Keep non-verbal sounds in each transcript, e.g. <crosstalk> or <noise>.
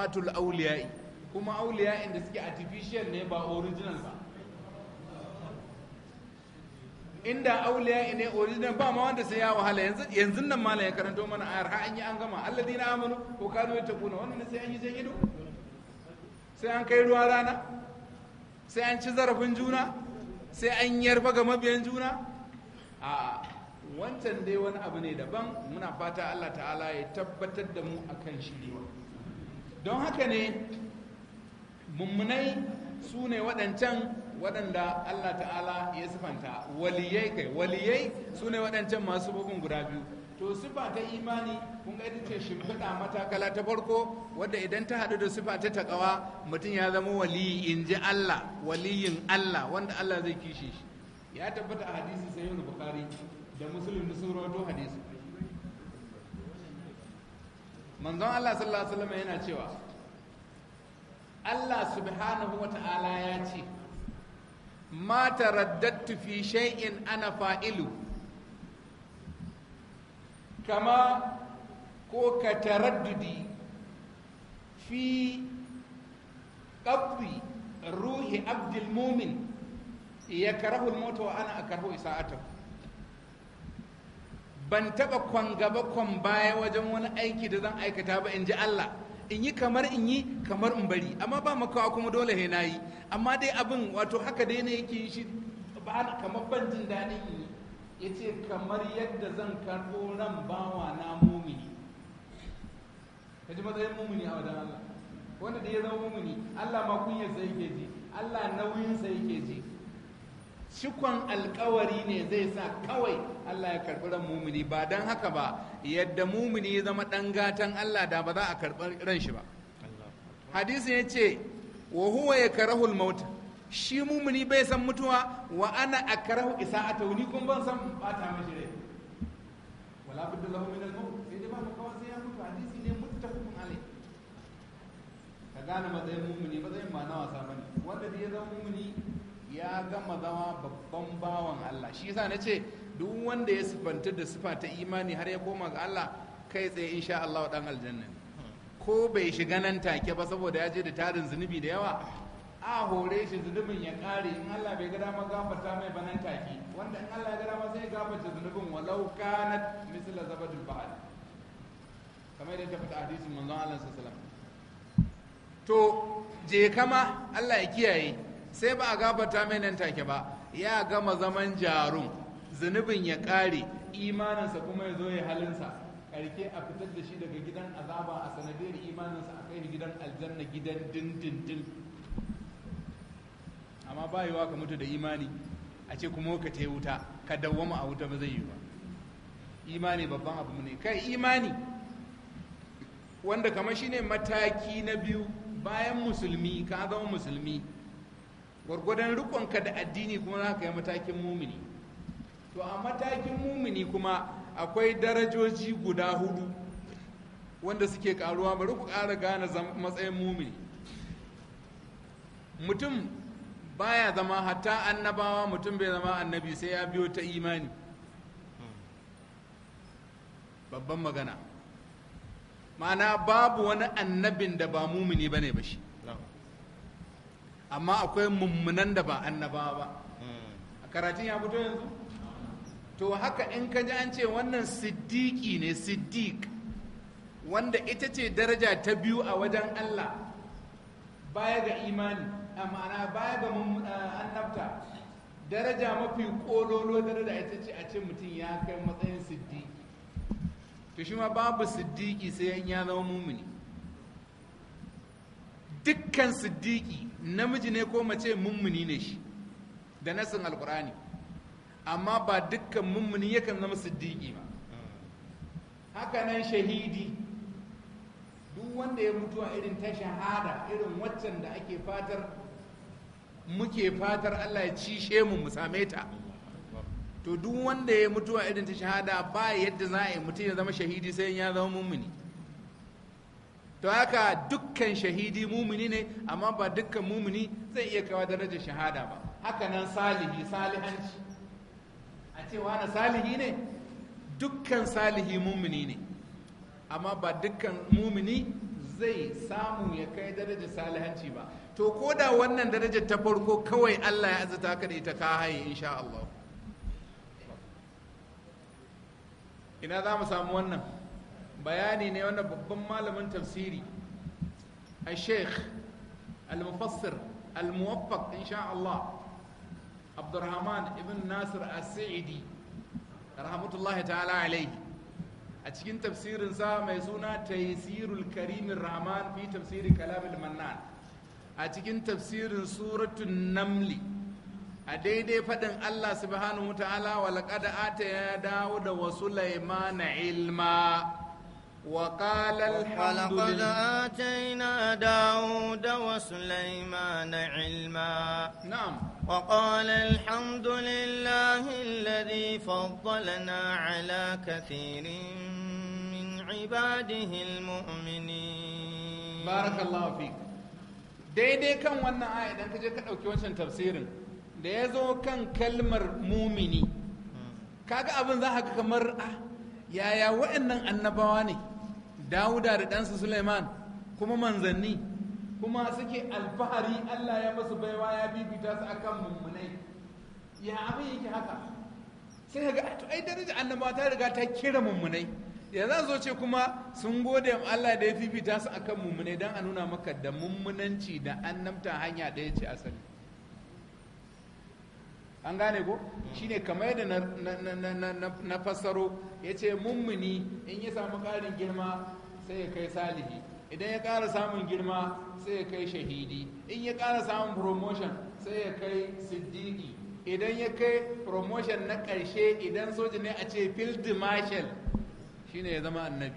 karamatul auliya'i kuma auliya'in da suke artificial ne ba original ba inda auliya'i ne original ba ma wanda sai ya wahala yanzu yanzu nan malam ya karanto mana ayar har an yi an gama alladina amanu ko kanu yattaquna wannan sai an yi sai ido sai an kai ruwa rana sai an ci zarafin juna sai an yarba ga mabiyan juna a wancan dai wani abu ne daban muna fata Allah ta'ala ya tabbatar da mu akan ne. don haka ne mummunai su ne waɗancan waɗanda Allah ta'ala ya sifanta waliyai kai waliyai su ne waɗancan masu bugun guda biyu to sifa ta imani kun ga ita ce shimfiɗa matakala ta farko wadda idan ta haɗu da sifa ta taƙawa mutum ya zama waliyi in ji Allah waliyin Allah wanda Allah zai kishe shi ya tabbata a hadisi sayyid bukhari da muslim da sun rawato hadisi manzon Allah sallallahu alaihi wasallam yana cewa Allah subhanahu ta'ala ya ce ma taraddadtu fi shay'in ana fa'ilu kama ko ka taraddudi fi qabdi ruhi abdul mumin ya karahu al-maut wa ana akrahu isa'atahu ban taɓa kwan gaba kwan baya wajen wani aiki da zan aikata ba in ji Allah in yi kamar in yi kamar in bari amma ba makawa kuma dole he na yi amma dai abin wato haka dai ne yake shi ba kamar ban jin in yi ya ce kamar yadda zan karɓo ran bawa na mumini ka ji matsayin mumini a wajen Allah wanda da ya zama mumini Allah ma kunyarsa yake ji Allah nauyin nauyinsa yake ji cikon alkawari ne zai sa kawai Allah ya karɓi ran mumini ba don haka ba yadda mumini ya zama ɗan gatan Allah da ba za a karɓi ran shi ba hadisin ya ce wa huwa ya karahul mauta shi mumini bai san mutuwa wa ana a karahu isa a tauni kun ban san bata mashi rai wala budda lahu min al maut sai dai ba ka kawai sai ya mutu hadisi ne muttafaqun alai ka gane matsayin mumuni matsayin ba na wasa bane wanda ya zama mumuni ya gama zama babban bawan Allah shi yasa nace duk wanda ya sifanta da sifa ta imani har ya koma ga Allah kai tsaye insha Allah dan aljanna ko bai shiga nan take ba saboda ya je da tarin zunubi da yawa a hore shi zunubin ya kare in Allah bai ga dama gafarta mai banan take wanda in Allah ya ga dama sai gafarta zunubin walau kanat misla zabadul bahr kamar yadda ta fita hadisin manzon Allah sallallahu alaihi wasallam to je kama Allah ya kiyaye sai ba a gabata mai nan take ba ya gama zaman jarun zunubin ya ƙare imaninsa kuma ya zo ya halinsa ƙarke a fitar da shi daga gidan azaba a sanadiyar imaninsa a kai gidan aljanna gidan dindindin amma ba wa ka mutu da imani a ce kuma ka te wuta ka dawwama a wuta ba zai yi ba imani babban abu ne kai imani wanda kamar shine mataki na biyu bayan musulmi ka zama musulmi gwargwadon rikonka da addini kuma za ka yi matakin mumini to a matakin mumini kuma akwai darajoji guda hudu wanda suke karuwa bari ku ƙara gane matsayin mumini mutum baya zama hatta annabawa mutum bai zama annabi sai ya biyo ta imani babban magana ma'ana babu wani annabin da ba mumini bane ba shi amma akwai mummunan da ba annaba ba a hmm. karatun ya fito yanzu to haka in ka ji an ce wannan siddiki ne siddiq wanda ita ce daraja ta biyu a wajen allah baya ga imani ma'ana baya ga annabta daraja mafi kololo daraja ita ce a ce mutum ya kai matsayin siddiki to shi ma babu siddiki sai ya zama mumuni dukkan siddiki namiji ne ko mace mummuni ne shi da nasin alkur'ani amma ba dukkan mummuni yakan zama siddiki ba nan shahidi duk wanda ya mutu a irin ta shahada irin waccan da ake fatar muke fatar Allah ya cishe mu mu same ta to duk wanda ya mutu a irin ta shahada ba yadda za a yi mutum ya zama shahidi sai ya zama mummuni to haka dukkan shahidi mumini ne amma ba dukkan mumini zai iya kawo darajar shahada ba haka nan salihi salihanci a ce na salihi ne dukkan salihi mumini ne amma ba dukkan mumini zai samu ya kai darajar salihanci ba to ko da wannan darajar ta farko kawai allah ya azata ka da ita ka haye insha allah ina za mu samu wannan bayani ne wanda babban malamin tafsiri a sheikh al-mufassir al-muwaffaq insha Allah abdurrahman ibn nasir as-sa'idi rahmatullahi ta'ala alaihi a cikin sa mai suna taysirul karimin rahman fi tafsiri kalamil mannan a cikin tafsirin suratun namli a daidai faɗin Allah subhanahu wa ta'ala wa laƙada ata ya dawo da wasu laimana ilma وقال الحمد لله ولقد آتينا داود وسليمان علما نعم وقال الحمد لله الذي فضلنا على كثير من عباده المؤمنين بارك الله فيك daidai kan wannan aya idan ka je ka ɗauki wancan tafsirin da ya zo kan kalmar mumini hmm. kaga abin za ka kamar ah waɗannan annabawa ne dawuda da ɗansa suleiman kuma manzanni kuma suke alfahari allah ya masu baiwa ya bibita su akan mummunai ya abin yake haka sai ka ga ai daraja annabawa ta riga ta kira mummunai ya za zo ce kuma sun gode Allah da ya fifita su akan mummunai don a nuna maka da mummunanci da annabta hanya ɗaya ce asali an gane ko shine kamar yadda na fassaro ya ce mummuni in ya samu ƙarin girma sai ya kai salihi idan ya ƙara samun girma sai ya kai shahidi in ya ƙara samun promotion sai ya kai siddiqi idan ya kai promotion na karshe idan soja ne a ce field marshal shine ya zama annabi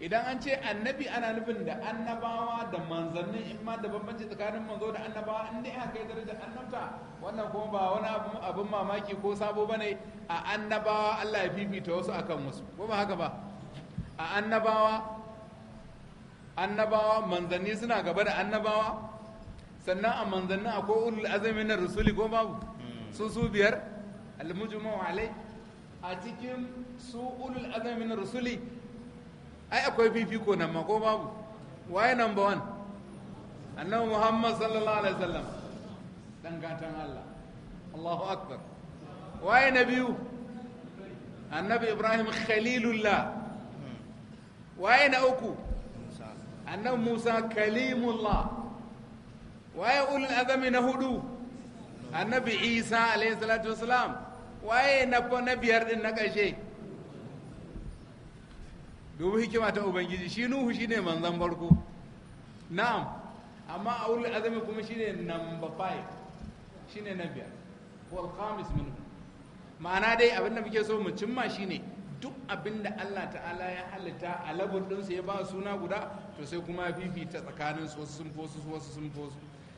idan an ce annabi ana nufin da annabawa da manzannin in ma da bambanci tsakanin manzo da annabawa in dai kai yi darajar annabta wannan kuma ba wani abin mamaki ko sabo bane a annabawa Allah ya fifita wasu akan wasu ko ba haka ba a annabawa annabawa manzanni suna gaba da annabawa sannan a manzanni akwai ulul azumi na rusuli ko babu hmm. su su biyar almujmu alai a cikin su ulul azumi na rusuli ai akwai fifiko nan ma ko babu waye number one annabi muhammad sallallahu alaihi wasallam dan gatan allah allahu akbar waye na biyu annabi ibrahim khalilullah waye na uku annan musa kalimullah waye ulul azami na hudu annabi isa alayhi salatu wasalam waye na biyar din na ƙarshe dubu hikima ta ubangiji shi nuhu shi ne manzan farko na'am amma a ulul azami kuma shi ne number five shi ne na biyar wal khamis minhu ma'ana dai abinda muke so mu cimma shi ne duk abin da Allah ta'ala ya halitta a labar ɗinsa ya ba suna guda to sai kuma fifita tsakanin wasu sun fosu wasu sun fosu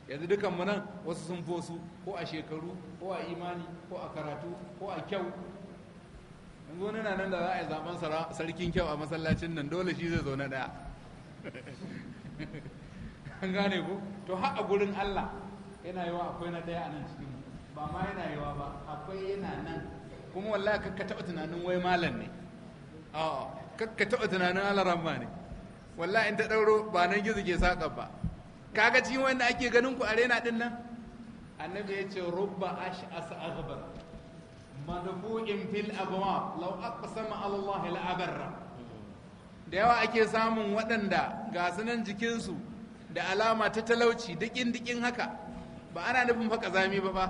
yanzu dukan mu nan wasu sun fosu ko a shekaru ko a imani ko a karatu ko a kyau yanzu wani nan da za a yi zaben sarkin kyau a masallacin nan dole shi zai zo na ɗaya <laughs> an gane ku to har a gurin Allah yana yawa akwai na ɗaya a nan cikin ba ma yana yawa ba akwai yana nan kuma wallahi ka taɓa tunanin wai malam ne a ka taɓa tunanin alaramma ne wallahi in ta ɗauro ba nan gizo ke saƙa ba kaga cikin wanda ake ganin ku arena din nan annabi ya ce rubba asa aghbar madfu'in fil abwab law aqsama Allah la abarra da yawa ake samun waɗanda ga sunan jikinsu da alama ta talauci dikin dikin haka ba ana nufin fa kazami ba ba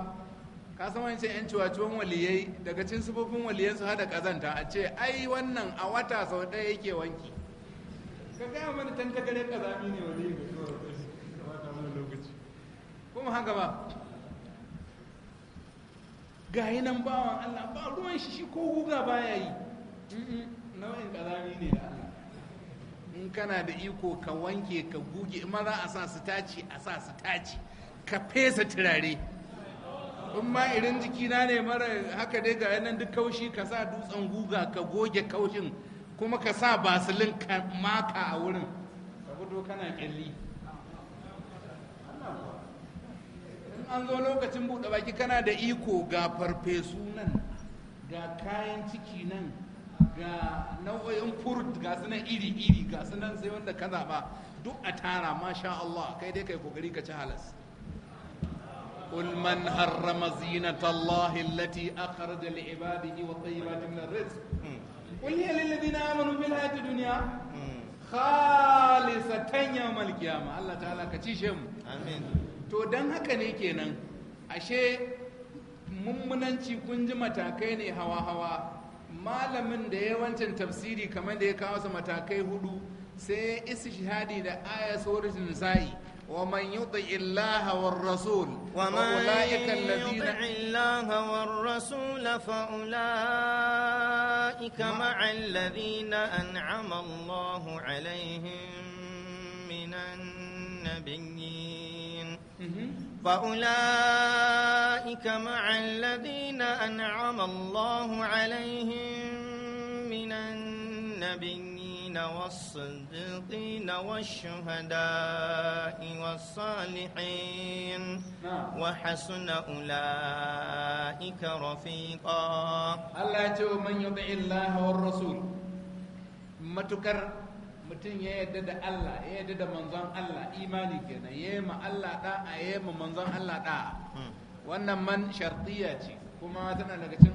ka san wani ce 'yan ciwon waliyai daga cin sufofin waliyansu hada kazanta a ce ai wannan a wata sau ɗaya yake wanki ka gaya mana tantakare kazami ne wani lokaci kuma haka ba yi nan bawan allah ba ruwan shi shi ko guga baya yi nau'in kazami ne da allah in kana da iko ka wanke ka guge maza a sa su taci a sa su taci ka fesa turare in ma irin jikina ne mara haka dai ga nan duk kaushi ka sa dutsen guga ka goge kaushin kuma ka sa basilin ka maka a wurin ka fito kana kyalli in an zo lokacin buɗe baki kana da iko ga farfesu nan ga kayan ciki nan ga nau'o'in furut ga su iri-iri ga su nan sai wanda ka zaɓa duk a tara masha Allah kai dai kai kokari ka ci halas قل من حرم زينة الله التي أخرج لعباده والطيبات من الرزق قل هي للذين آمنوا في الحياة الدنيا خالصة يوم القيامة الله تعالى كتشم آمين to don haka ne kenan ashe mummunanci kun ji matakai ne hawa-hawa malamin da ya wancan tafsiri kamar da ya kawo su matakai hudu sai isi shahadi da aya sauratun nisa'i ومن يطع الله والرسول ومن يطع الله والرسول فأولئك مع الذين أنعم الله عليهم من النبيين فأولئك مع الذين أنعم الله عليهم من النبيين والصديقين والشهداء والصالحين وحسن أولئك رفيقا الله يتوب من يطع الله والرسول ما تكر ce kuma tana daga cikin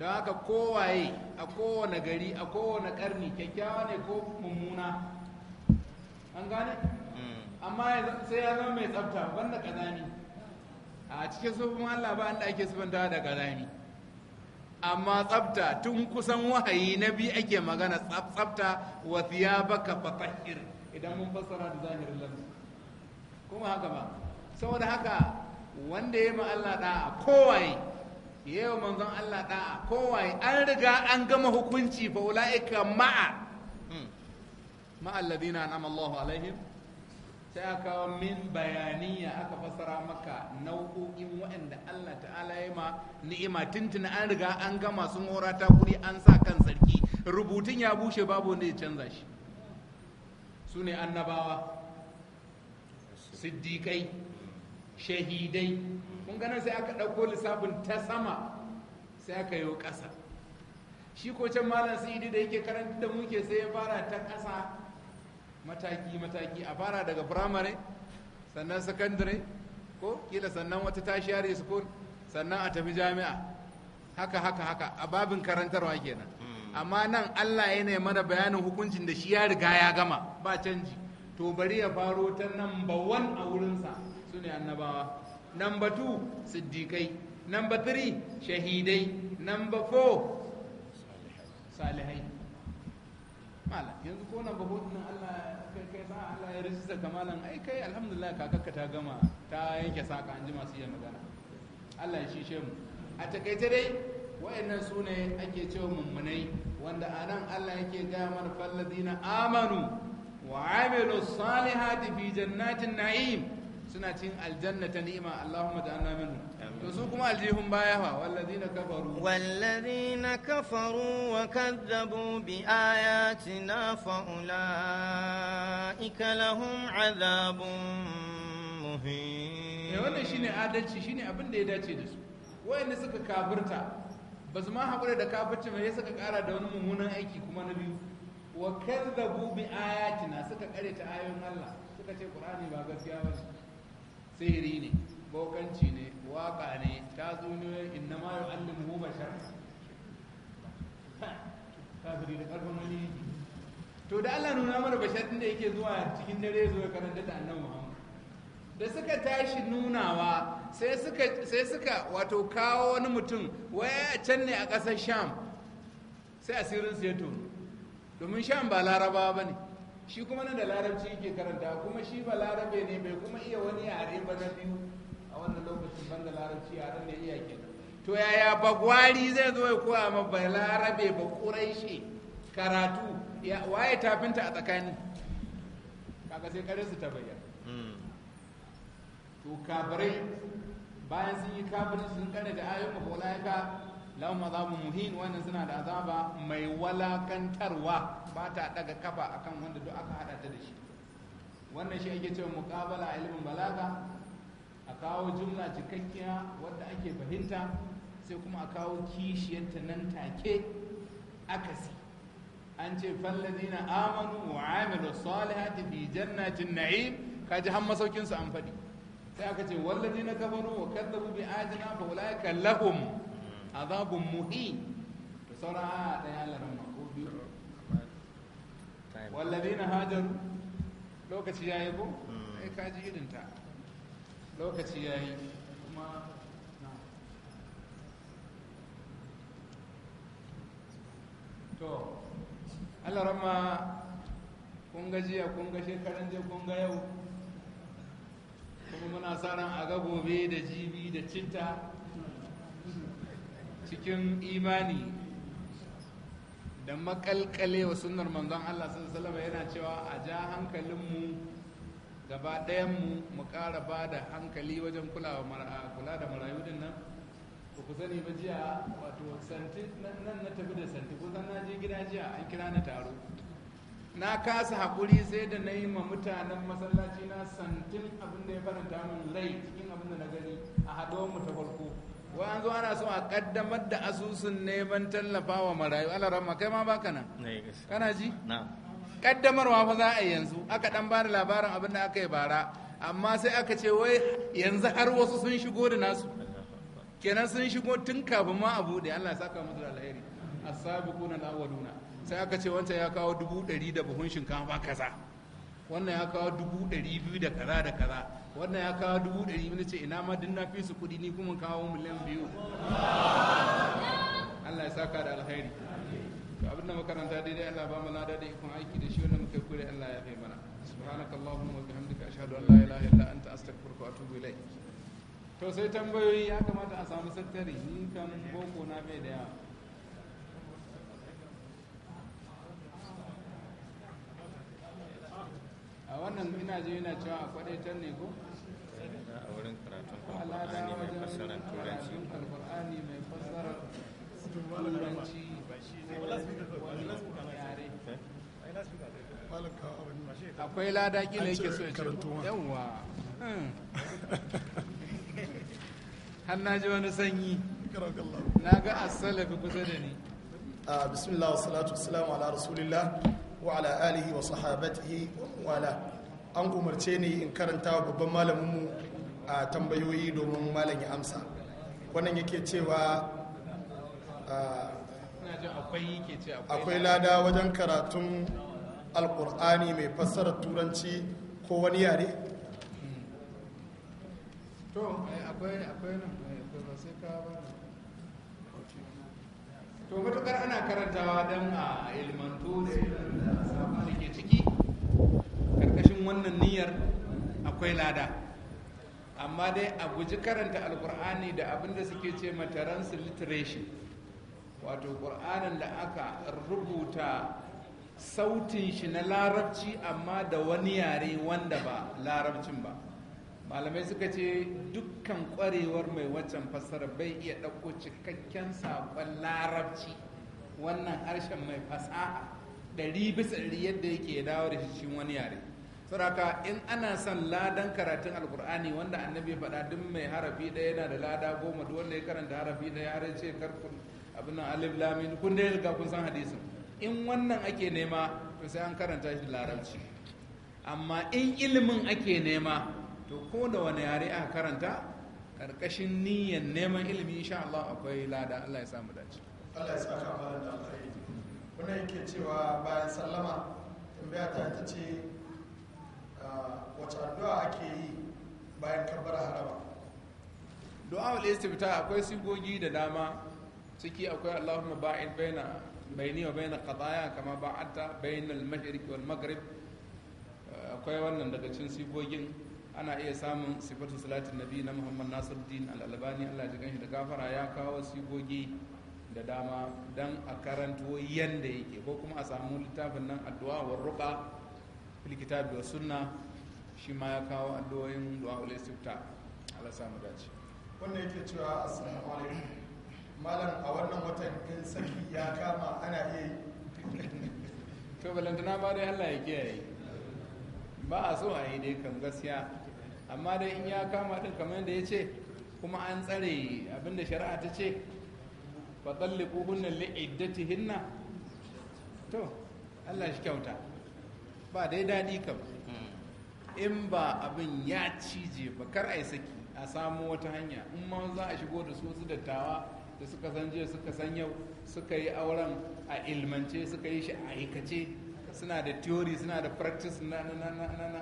don haka kowaye a kowane gari a kowane karni kyakkyawa ne ko mummuna an gane mm. amma sai ya zama mai tsafta banda kazani a cikin sufin Allah ba da ake sufanta da kazani amma tsafta tun kusan wahayi na biyu ake magana tsafta wa baka fatahhir idan mun fassara da zahirin lafzi kuma haka ba saboda haka wanda ya ma Allah da kowaye yau manzon Allah da'a Kowai an riga an gama hukunci fa ula'ika ma'a hmm. ma'alladina an'ama Allahu alaihim sai aka min bayaniya aka fasara maka nau'o'in waɗanda Allah ta'ala ya ma ni'ima tuntuna an riga an gama sun hora ta kuri an sa kan sarki rubutun ya bushe babu wanda ya canza shi su ne annabawa siddiƙai shahidai kun gana sai aka ɗauko lissafin ta sama sai aka yi ƙasa shi ko can malam sidi da yake karanta da muke sai ya fara ta ƙasa mataki-mataki a fara daga firamare sannan sakandare ko kila sannan wata tashi yare school sannan a tafi jami'a haka haka haka a babin karantarwa kenan hmm. amma nan allah ya ne mana bayanin hukuncin da shi ya riga ya gama ba canji to bari ya faro ta nan ba wan a wurinsa su ne annabawa number 2 siddiƙai number 3 shahidai number 4 salihai malam yanzu ko na four din Allah kai kai sa Allah ya rijista kamalan ai kai alhamdulillah kakakka ta gama ta yanke saka an ji masu iya magana Allah ya shishe mu a takaice dai wayannan su ne ake cewa mummunai wanda a nan Allah yake gaya mana falladina amanu wa amilu salihati fi jannatin na'im suna cin aljanna ta ni'ima Allahumma da anna minhu to su kuma aljihun baya fa walladina kafaru walladina kafaru wa kadzabu bi ayatina fa ulaika lahum adhabun muhin eh wannan shine adalci shine abin da ya dace da su wayanda suka kafirta ba su ma haƙura da kafirci ba ya suka ƙara da wani mummunan aiki kuma na biyu wa kadzabu bi ayatina suka kare ta ayoyin Allah suka ce Qur'ani ba gaskiya ba sihiri ne bokanci ne waka ne ta zuniyoyin inna ma yi allin mu bashar zuri da karfin wani to da allah nuna mana bashar da yake zuwa cikin dare zuwa karanta da annabi muhammad da suka tashi nunawa sai suka wato kawo wani mutum waya a can ne a ƙasar sham sai asirin su ya tono domin sham ba laraba ba ne shi kuma nan da larabci yake karanta kuma shi ba larabe ne bai kuma iya na biyu a wannan lokacin banda larabci a ran da iya kenan to yaya bagwari zai zo ya koya ma balarabe ba shi karatu waye tafinta a tsakani kaga sai kare su ta bayyana hmm. to kabarai bayan sun yi kafirin sun kare da ayyuka ko laika lahum azabun muhin wannan suna da azaba mai walakantarwa ba ta daga kafa akan wanda duk aka hada ta da shi wannan shi ake cewa muqabala ilmin balaga a kawo jumla cikakkiya wadda ake fahimta sai kuma a kawo kishiyarta nan take akasi an ce fallazina amanu wa amilu salihati fi jannatin na'im kaji har masaukin su an faɗi sai aka ce wallazina kafaru wa kadzabu bi ayatina fa ulaika lahum azabun muhin to sauran aya ɗaya Allah ran ko biyu wallazina hajaru lokaci yayi ko sai kaji irin ta lokaci ya yi kuma to allah rama kun gajiya kun ga shekaran je kun ga yau kuma muna sa ran a ga gobe da jibi da cinta cikin imani da makalkalewa sunnar manzon allah sun salama yana cewa a ja hankalinmu gaba ɗayan mu mu ƙara ba da hankali wajen kula da marayu din nan ba ku sani ba jiya wato santi nan na tafi da santi kusan na je gida jiya an kira na taro na kasa haƙuri sai da na yi ma mutanen masallaci na santin abin da ya faranta min rai cikin abin da na gani a haɗuwar mu ta farko wa an ana so a kaddamar da asusun neman tallafa wa marayu alaramma kai ma baka nan eh, kana ji na'am kaddamarwa fa za a yanzu aka dan da labarin abin da aka yi bara amma sai aka ce wai yanzu har wasu sun shigo da nasu kenan sun shigo tun kafin ma a buɗe Allah ya saka musu da alheri as na awwaluna sai aka ce wancan ya kawo dubu ɗari da buhun shinkafa kaza wannan ya kawo dubu ɗari biyu da kaza da kaza wannan ya kawo dubu ɗari biyu ce ina ma din na fi su kuɗi ni kuma kawo miliyan biyu Allah ya saka da alheri abinda makaranta daidai Allah ba mu lada da ikon aiki da shi wanda muka kure Allah ya kai mana subhanaka allahumma wa bihamdika ashhadu an la ilaha illa anta astaghfiruka wa atubu ilayk to sai tambayoyi ya kamata a samu sattari ni kan boko na bai da yawa a wannan ina je ina cewa a kwadaitar ne ko a wurin karatun al'ada wajen karatun alkur'ani mai fassara akwai lada kila yake so ya ce hmm. har na ji wani sanyi na ga asalafi kusa da ni bismillah ala rasulillah wa ala alihi wa sahabatihi wa wala an umarce ni in karanta wa babban mu a tambayoyi domin malam ya amsa wannan yake cewa akwai lada wajen karatun alkur'ani mai fassarar turanci ko wani yare? to akwai nan sai ka ba to matukar ana karantawa don a ilmantu da ilmantar da ke ciki karkashin wannan niyyar akwai lada amma dai a guji karanta alkur'ani da abinda suke ce mataransu literation wato ƙur'anin da aka rubuta sautin shi na larabci amma da wani yare wanda ba larabcin ba malamai suka ce dukkan ƙwarewar mai waccan fassara bai iya ɗauko cikakken saƙon larabci wannan harshen mai fasaha ɗari bisa ɗari yadda yake dawo da shi wani yare saraka in ana son ladan karatun alkur'ani wanda annabi faɗa duk mai harafi ɗaya yana da lada goma duk wanda ya karanta harafi ɗaya har ce abin nan alif lamin kun dai riga kun san hadisin in wannan ake nema to sai an karanta shi larabci amma in ilimin ake nema to ko da wani yare aka karanta karkashin niyyar neman ilimi insha Allah akwai lada Allah ya mu dace Allah ya saka mana da alkhairi wannan yake cewa bayan sallama tambaya ta ta ce ah, wace addu'a ake yi bayan kabbar haraba du'a ul istifta akwai sigogi da dama ciki akwai Allahumma ba'id baina baini wa baina qadaya kama ba'adta baina al-mashriq wal maghrib akwai wannan daga cikin sifogin ana iya samun sifatu salatin nabi na Muhammad Nasiruddin al-Albani Allah ya ganshi da gafara ya kawo sifogi da dama dan a karanto yanda yake ko kuma a samu littafin nan addu'a wa ruqa fil kitab wa sunna shi ma ya kawo addu'o'in du'a ul istifta Allah samu dace wannan yake cewa assalamu alaikum malam a wannan watan in saki ya kama ana iya yi to balantana ba dai allah ya kiyaye ba a so a yi dai kan gaskiya amma dai in ya kama din kamar yadda ya ce kuma an tsare abinda shari'a ta ce fa talliqu hunna hinna to allah shi kyauta ba dai daɗi kam in ba abin ya cije ba kar a yi saki a samu wata hanya in ma za a shigo da su su dattawa da suka san jiya suka san yau suka yi auren a ilmance suka yi shi a aikace suna da theory suna da practice na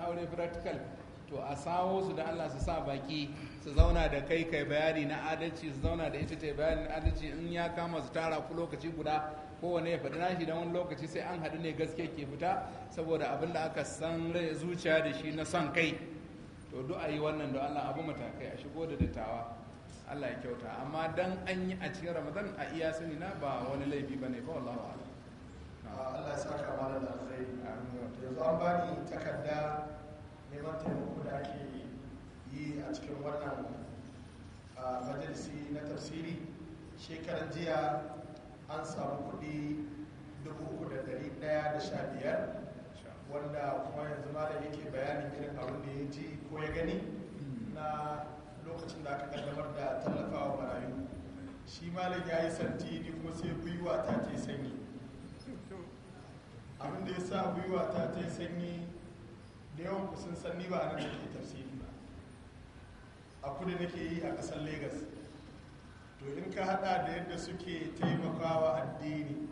aure practical to a sawo su da Allah su sa baki su zauna da kai kai bayani na adalci su zauna da ita ta bayani na adalci in ya kama su tara ku lokaci guda kowane ya faɗi nashi da wani lokaci sai an haɗu ne gaske ke fita saboda abin da aka san rai zuciya da shi na son kai to duk a yi wannan da Allah abu matakai a shigo da dattawa Allah ya kyauta amma dan an yi a cikin ramadan a iya sani na ba wani laifi ba ne ba wallahu ah, Allah ya saka mana da zai yanzu an bani takarda neman taimako da ake yi a cikin wannan ah, majalisi na tafsiri shekaran jiya an samu kuɗi biyar wanda kuma yanzu malam yake bayanin irin abin da ya ji ko ya gani hmm. na lokacin da aka kaddamar da tallafawa marayu shi malam ya yi santi ni kuma sai gwiwa ta ta yi sanyi abin da ya sa gwiwa ta ta yi sanyi da yawan kusan sanni ba a nan da ke tafsiri ba a kudu nake yi a kasar Legas. to in ka hada da yadda suke taimakawa addini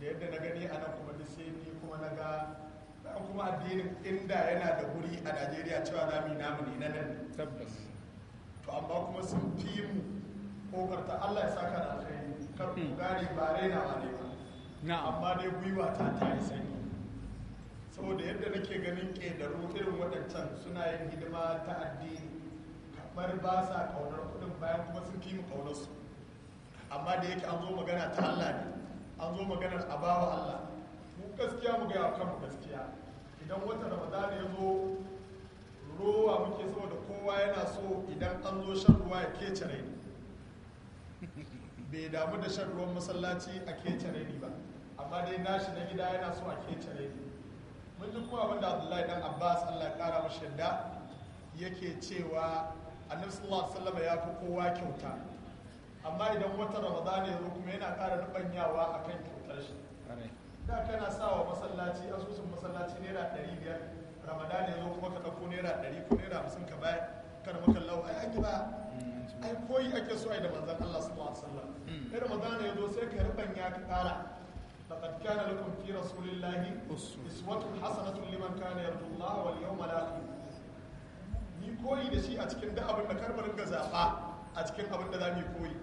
da yadda na gani a nan kuma da sai ni kuma na ga kuma addinin inda yana da guri a najeriya cewa za mu yi namu ne na nan tabbas to amma kuma sun fi mu kokarta Allah ya saka da alheri kar ku gane ba rainawa ne ba amma dai gwiwa ta ta yi sani saboda yadda nake ganin ƙedaru irin waɗancan suna yin hidima ta addini kamar ba sa ƙaunar kuɗin bayan kuma sun fi mu ƙaunar su amma da yake an zo magana ta Allah ne an zo maganar a bawa Allah mu gaskiya mu gaya wa kanmu gaskiya idan wata ramadana ya zo rowa muke saboda kowa yana so idan an zo shan ruwa ya kece rai bai damu da shan ruwan masallaci a kece rai ba amma dai nashi na gida yana so a kece rai mun ji kuma abinda abdullahi dan abbas allah ya kara mashi yadda yake cewa annabi sallallahu alaihi wasallam ya fi kowa kyauta amma idan wata ramadana ya zo kuma yana kara rubanyawa akan kyautar shi da kana sawa masallaci asusun masallaci naira 500 ramadan ya zo kuma ka ɗauko naira ɗari ko naira hamsin ka bayar kada makallau ai an ba ai koyi ake so ai da manzan Allah sallallahu alaihi wasallam hmm. ai ramadan ya zo sai ka ya ka ƙara لقد كان لكم في رسول الله أسوة حسنة لمن كان يرجو الله واليوم الآخر ni koyi da shi a cikin da abin da karbarin ga a cikin za mu koyi